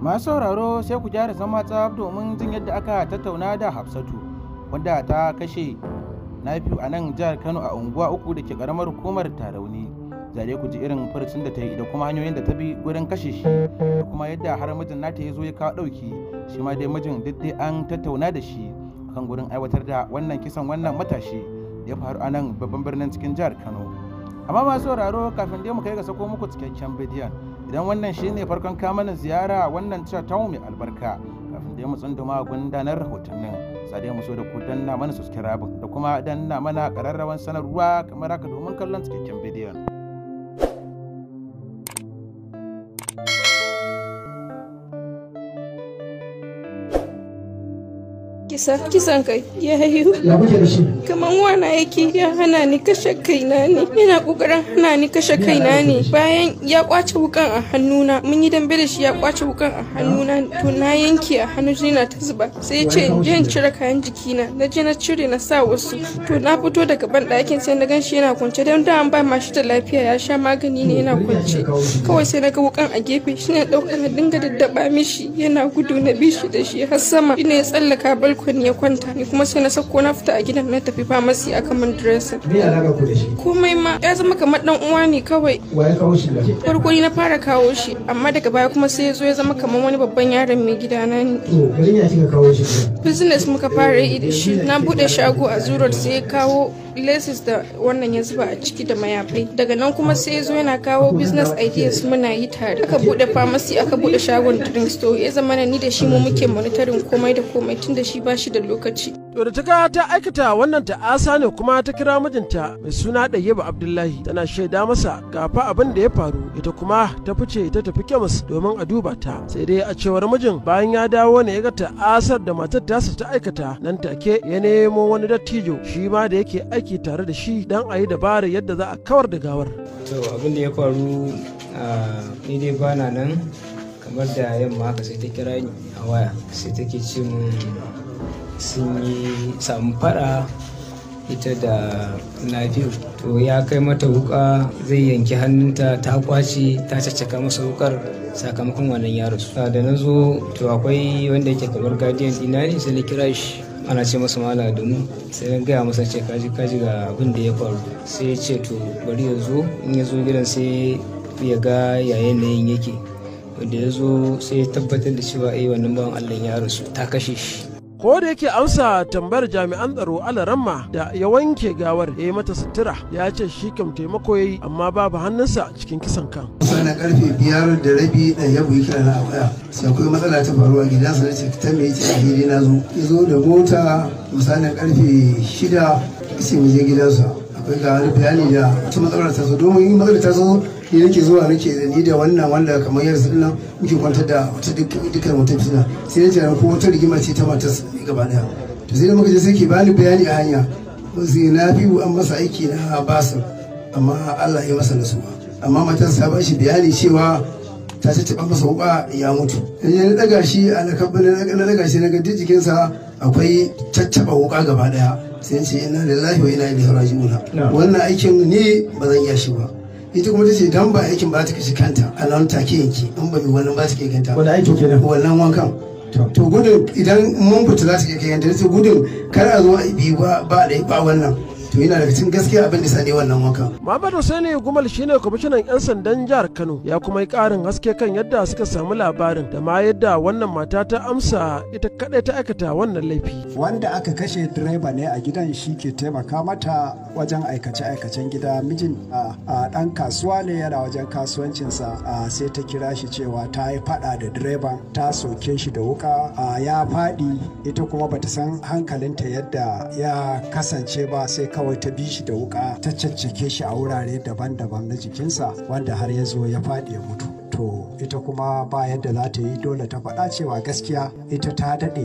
masu sauraro sai ku gyara zama tsab domin jin yadda aka tattauna da hafsatu wanda ta kashe na biyu a nan jihar kano a unguwa uku da ke karamar hukumar tarauni zare ku ji irin farcin da ta yi da kuma hanyoyin da ta bi gurin kashe shi da kuma yadda har mijin nata ya zo ya kawo ɗauki shi ma dai mijin duk dai an tattauna da shi kan gurin aiwatar da wannan kisan wannan matashi ya faru a nan babban birnin cikin jihar kano amma masu sauraro kafin dai mu kai ga sako muku cikakken bidiyon idan wannan shi ne farkon kamanin ziyara wannan cewa ta mai albarka kafin dai mu tsunduma gundanar rahotannin sade mu so da ku danna mana subscribe da kuma danna mana kararrawan sanarwa kamar haka domin kallon cikakken bidiyon kisa kisan kai ya haihu kamar wana yake ya hana ni kashe kaina ne yana kokarin hana ni kashe kaina ne bayan ya kwace wukan a hannuna mun yi dambe da shi ya kwace wukan a hannuna to na yanke a hannu na ta zuba sai ya ce je in cire kayan jikina na je na cire na sa wasu to na fito daga ban ɗakin sai na gan shi yana kwance don da an ba ma shi da lafiya ya sha magani ne yana kwance kawai sai na ga wukan a gefe shi ne ɗauka na dinga daddaba mishi yana gudu na bi shi da shi har sama shi ne ya tsallaka balko kwani ya kwanta ni kuma sai na sako na fita a gidan na tafi famasi a kaman dressing me alaka ku da shi komai ma ya zama kamar dan uwa ne kawai wa ya kawo shi farko ni na fara kawo shi amma daga baya kuma sai ya zo ya zama kamar wani babban yaron mai gidana ne to garin ya kika kawo shi business muka fara yi da shi na bude shago a zuro sai ya kawo laces da wannan ya zuba a ciki da mayafai daga nan kuma sai ya zo yana kawo business ideas muna yi tare aka bude famasi aka bude shagon drink store ya zama ni da shi mu muke monitoring komai da komai tun da shi ba ba da lokaci. To da ta ga ta aikata wannan ta'asa ne kuma ta kira mijinta mai suna Ɗayyaba Abdullahi tana shaida masa ga abin da ya faru ita kuma ta fice ta tafi kemis domin a duba ta sai dai a cewar mijin bayan ya dawo ne ya ga ta'asar da matar tasa ta aikata nan take ya nemo wani dattijo shi ma da yake aiki tare da shi dan a yi dabarar yadda za a kawar da gawar. To abin da ya faru ni dai bana nan kamar da yamma haka sai ta kira ni a waya sai take ce mun sun yi samfara ita da nafiu to ya kai mata wuka zai yanki hannunta ta kwace ta caccaka masa wukar sakamakon wannan yaro da na zo to akwai wanda yake kamar guardian dina ne sai na kira shi ana ce masa mala domin sai na gaya masa ce kaji kaji ga abin da ya faru sai ya ce to bari ya zo in ya zo gidan sai ya ga yayin yin yake wanda ya zo sai ya tabbatar da cewa eh wannan bawan allah ya rasu ta kashe shi ko da yake amsa tambayar jami'an tsaro alaramma da ya wanke gawar ya yi mata sutura ya ce shi kam taimako ya yi amma babu hannunsa cikin kisan kan. na karfe biyar da rabi da ya buyi kira na awaya sai akwai matsala ta faruwa gidansa na ce ta mai ce a na zo ya zo da mota na karfe shida sai mu je gidansa akwai ga wani bayani da wata matsalar ta zo domin matsalar ta zo ni nake zuwa nake da ni da wannan wanda kamar yanzu nan muke kwantar da wata dukkan wata fitina sai nace ko wata rigima ce ta matar ne gaba daya to sai da muka je sai ke bani bayani a hanya sai zinafiu an masa aiki na basu amma Allah ya masa nasuwa amma matarsa ba shi bayani cewa ta ce taɓa masa uba ya mutu in na daga shi a na daga shi na ga duk sa akwai tattaɓa wuka gaba ɗaya sai ce ina lillahi wa ina ilaihi raji'un wannan aikin ne ba zan iya shi ba ita kuma tace dan ba aikin ba ta kashi kanta a nan take yanki in ba wannan ba ta ke kanta wannan aikin kenan wannan wankan to gudun idan mun fita za ta ke kanta tace gudun kar a zo a bi ba ba wannan to yana daga cikin gaskiya abin da sani wannan wanka Muhammad Hussaini Gumal shine kwamishinan 'yan sandan jihar Kano ya kuma yi ƙarin haske kan yadda suka samu labarin da ma yadda wannan mata ta amsa ita kaɗai ta aikata wannan laifi. Wanda aka kashe direba ne a gidan shi ke taimaka mata wajen aikace-aikacen gida mijin a ɗan kasuwa ne yana wajen kasuwancinsa sai ta kira shi cewa ta yi faɗa da direban ta soke shi da wuka ya faɗi ita kuma bata san hankalinta yadda ya kasance ba sai kawai ta bi shi da wuka ta caccake shi a wurare daban-daban na jikinsa wanda har ya zo ya faɗi ya mutu to ita kuma ba yadda za ta yi dole ta faɗa cewa gaskiya ita ta daɗe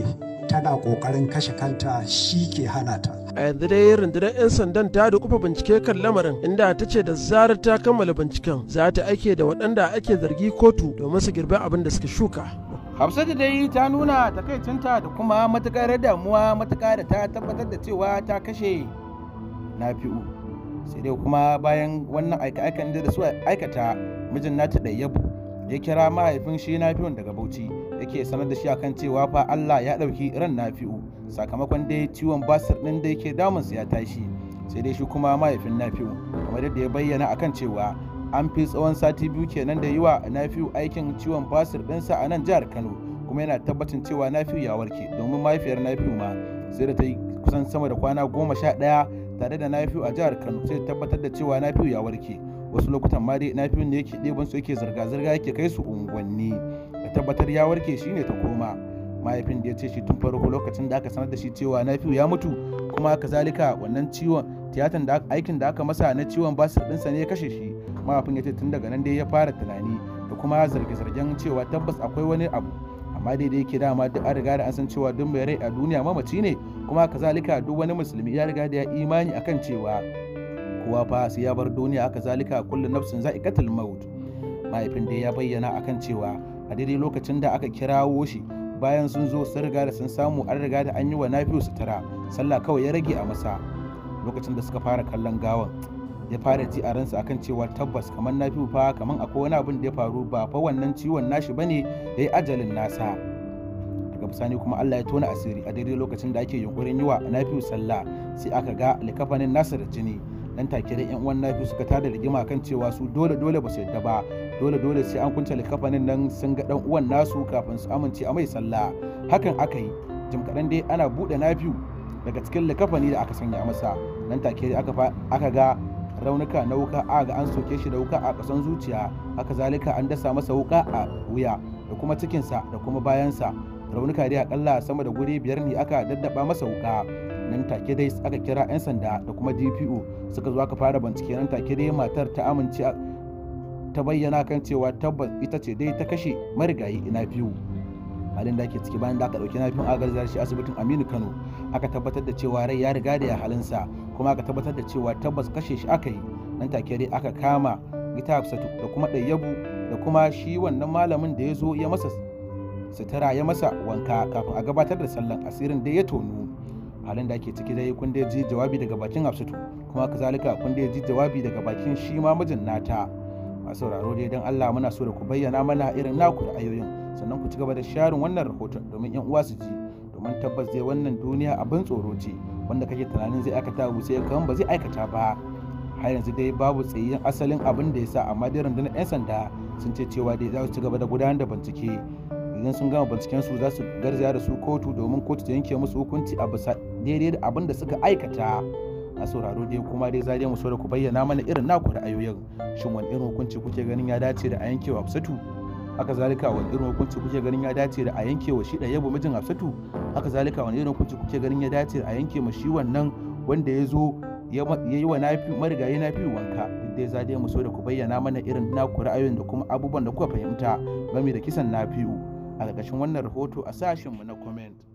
tana ƙoƙarin kashe kanta shi ke hana ta a yanzu dai rundunar 'yan sandan ta dukufa bincike kan lamarin inda ta ce da zarar ta kammala binciken za ta aike da waɗanda ake zargi kotu domin su girbi abin da suka shuka hafsatu dai ta nuna takaicinta da kuma matuƙar damuwa matuƙa da ta tabbatar da cewa ta kashe nafi'u sai dai kuma bayan wannan aika-aikan da su aikata mijin nata yabu ya kira mahaifin shi nafi'un daga bauchi yake sanar da shi akan cewa fa Allah ya ɗauki ran nafi'u sakamakon dai ciwon basir ɗin da yake su ya tashi sai dai shi kuma mahaifin nafi'u kamar yadda ya bayyana akan cewa an fi tsawon sati biyu kenan da yi wa nafi'u aikin ciwon basir ɗinsa a nan jihar kano kuma yana tabbacin cewa nafi'u ya warke domin mahaifiyar nafi'u ma sai da ta yi kusan sama da kwana goma sha ɗaya tare da nafiu a jihar kano sai tabbatar da cewa nafiu ya warke wasu lokutan ma dai nafiu ne yake ɗeban su yake zirga-zirga yake kai su unguwanni da tabbatar ya warke shine ta koma mahaifin da ya ce shi tun farko lokacin da aka sanar da shi cewa nafiu ya mutu kuma haka zalika wannan ciwon tiyatan da aikin da aka masa na ciwon basir ɗinsa ne ya kashe shi mahaifin ya ce tun daga nan dai ya fara tunani da kuma zarge-zargen cewa tabbas akwai wani abu amma dai da yake dama duk an riga da an san cewa duk mai rai a duniya mamaci ne kuma kazalika duk wani musulmi ya riga da ya imani akan cewa kowa fa sai ya bar duniya kazalika kullu nafsin za'iqatul maut mahaifin dai ya bayyana akan cewa a daidai lokacin da aka kirawo shi bayan sun zo sun riga da sun samu an riga da an yi wa nafiyu sutura sallah kawai ya rage a masa lokacin da suka fara kallon gawan ya fara ji a ransa akan cewa tabbas kamar na fi fa kamar akwai wani abin da ya faru ba fa wannan ciwon nashi bane ya yi ajalin nasa daga bisani kuma Allah ya tona asiri a daidai lokacin da ake yunkurin yi wa fi sallah sai aka ga likafanin nasa da jini nan take da yan uwan nafiu suka tada rigima kan cewa su dole dole ba su yadda ba dole dole sai an kunta likafanin nan sun ga dan uwan nasu kafin su amince a mai sallah hakan aka yi jim kaɗan dai ana buɗe nafiu daga cikin likafani da aka sanya masa nan take aka ga raunuka na wuka a ga an soke shi da wuka a kasan zuciya haka zalika an dasa masa wuka a wuya da kuma cikinsa da kuma bayansa raunuka dai akalla sama da guri biyar ne aka daddaba masa wuka nan take dai aka kira 'yan sanda da kuma dpo suka zo aka fara bincike nan take dai matar ta amince ta bayyana kan cewa tabbas ita ce dai ta kashe marigayi ina biyu halin da ake ciki bayan da aka dauki nafin agarzar shi asibitin aminu kano aka tabbatar da cewa rai ya riga da ya halinsa kuma aka tabbatar da cewa tabbas kashe shi aka yi nan take dai aka kama ita hafsatu da kuma ɗayyabu da kuma shi wannan malamin da ya zo ya masa sutura ya masa wanka kafin a gabatar da sallan asirin da ya tonu halin da ake ciki dai kun dai ji jawabi daga bakin hafsatu kuma kazalika kun dai ji jawabi daga bakin shi ma mijin nata masu sauraro dai don allah muna so da ku bayyana mana irin naku da ayoyin. sannan ku ci gaba da sharin wannan rahoton domin yan uwa su ji domin tabbas dai wannan duniya abin tsoro ce wanda kake tunanin zai aikata abu sai kan ba zai aikata ba har yanzu dai babu tsayin asalin abin da ya sa amma dai rundunar 'yan sanda sun ce cewa dai za su ci gaba da gudanar da bincike idan sun gama binciken su za su garzaya da su kotu domin kotu ta yanke musu hukunci a bisa daidai da abin da suka aikata a sauraro dai kuma dai zai mu so da ku bayyana mana irin naku ra'ayoyin shin wani irin hukunci kuke ganin ya dace da a yankewa fusatu haka zalika wani irin hukunci kuke ganin ya dace da a yanke wa shi ɗaya mijin hafsatu haka zalika wani irin hukunci kuke ganin ya dace a yanke ma shi wannan wanda ya zo ya yi wa nafi marigayi nafi wanka duk dai za mu so da ku bayyana mana irin naku ra'ayoyin da kuma abubuwan da kuka fahimta game da kisan nafi'u a ƙarƙashin wannan rahoto a sashenmu na comment